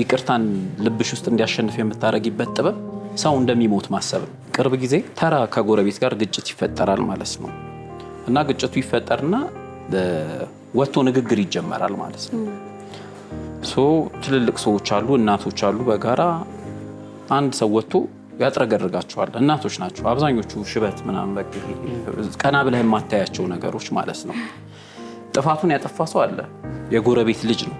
ይቅርታን ልብሽ ውስጥ እንዲያሸንፍ የምታደርጊበት ጥበብ ሰው እንደሚሞት ማሰብ ነው። ቅርብ ጊዜ ተራ ከጎረቤት ጋር ግጭት ይፈጠራል ማለት ነው እና ግጭቱ ይፈጠርና ወጥቶ ንግግር ይጀመራል ማለት ነው። ሶ ትልልቅ ሰዎች አሉ፣ እናቶች አሉ። በጋራ አንድ ሰው ወጥቶ ያጥረገርጋቸዋል። እናቶች ናቸው አብዛኞቹ ሽበት ምናምን ቀና ብለህ የማታያቸው ነገሮች ማለት ነው። ጥፋቱን ያጠፋ ሰው አለ፣ የጎረቤት ልጅ ነው።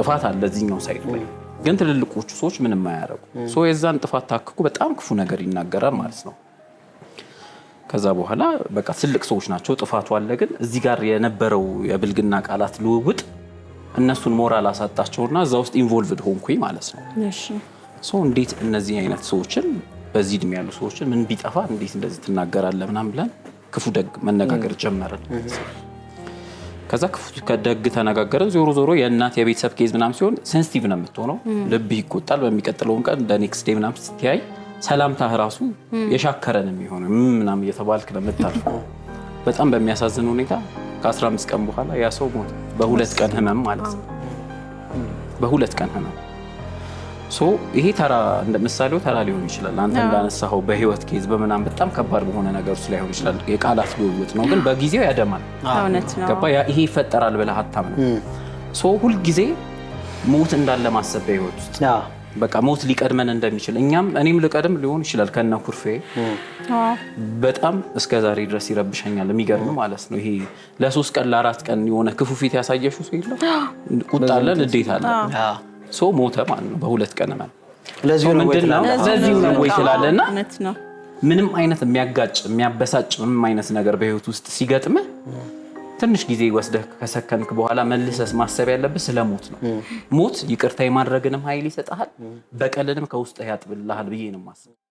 ጥፋት አለ እዚህኛው ሳይት ላይ ግን ትልልቆቹ ሰዎች ምንም አያደርጉ የዛን ጥፋት ታክኩ በጣም ክፉ ነገር ይናገራል ማለት ነው። ከዛ በኋላ በቃ ትልቅ ሰዎች ናቸው፣ ጥፋቱ አለ። ግን እዚህ ጋር የነበረው የብልግና ቃላት ልውውጥ እነሱን ሞራል አሳጣቸውና እዛ ውስጥ ኢንቮልቭድ ሆንኩኝ ማለት ነው። ሰው እንዴት እነዚህ አይነት ሰዎችን በዚህ እድሜ ያሉ ሰዎችን ምን ቢጠፋ እንዴት እንደዚህ ትናገራለህ ምናምን ብለን ክፉ ደግ መነጋገር ጀመርን። ከዛ ከደግ ተነጋገረ። ዞሮ ዞሮ የእናት የቤተሰብ ኬዝ ምናም ሲሆን ሴንስቲቭ ነው የምትሆነው፣ ልብ ይቆጣል። በሚቀጥለውን ቀን እንደ ኔክስት ዴይ ምናም ስትያይ ሰላምታ ራሱ የሻከረን የሚሆነ ምናም እየተባልክ ነው የምታልፈው። በጣም በሚያሳዝን ሁኔታ ከ15 ቀን በኋላ ያ ሰው ሞተ። በሁለት ቀን ህመም ማለት ነው። በሁለት ቀን ህመም ይሄ ተራ ምሳሌው ተራ ሊሆን ይችላል። አንተ እንዳነሳኸው በህይወት ኬዝ በምናምን በጣም ከባድ በሆነ ነገር ውስጥ ላይሆን ይችላል። የቃላት ልውውጥ ነው፣ ግን በጊዜው ያደማል። ገባ ይሄ ይፈጠራል ብለህ አታምነው። ሁልጊዜ ሞት እንዳለ ማሰብ በህይወት ውስጥ በቃ ሞት ሊቀድመን እንደሚችል እኛም እኔም ልቀድም ሊሆን ይችላል ከነ ኩርፌ በጣም እስከ ዛሬ ድረስ ይረብሸኛል። የሚገርም ማለት ነው። ይሄ ለሶስት ቀን ለአራት ቀን የሆነ ክፉ ፊት ያሳየሽው ሰው የለም ቁጣ ሶ ሞተ ማለት ነው በሁለት ቀን ማለት ለዚሁ ነው ወይ ትላለህ እና ምንም አይነት የሚያጋጭ የሚያበሳጭ ምንም አይነት ነገር በህይወት ውስጥ ሲገጥምህ ትንሽ ጊዜ ወስደህ ከሰከንክ በኋላ መልሰስ ማሰብ ያለብህ ስለ ሞት ነው። ሞት ይቅርታ የማድረግንም ኃይል ይሰጥሃል፣ በቀልንም ከውስጥ ያጥብልሃል ብዬ ነው የማስበው።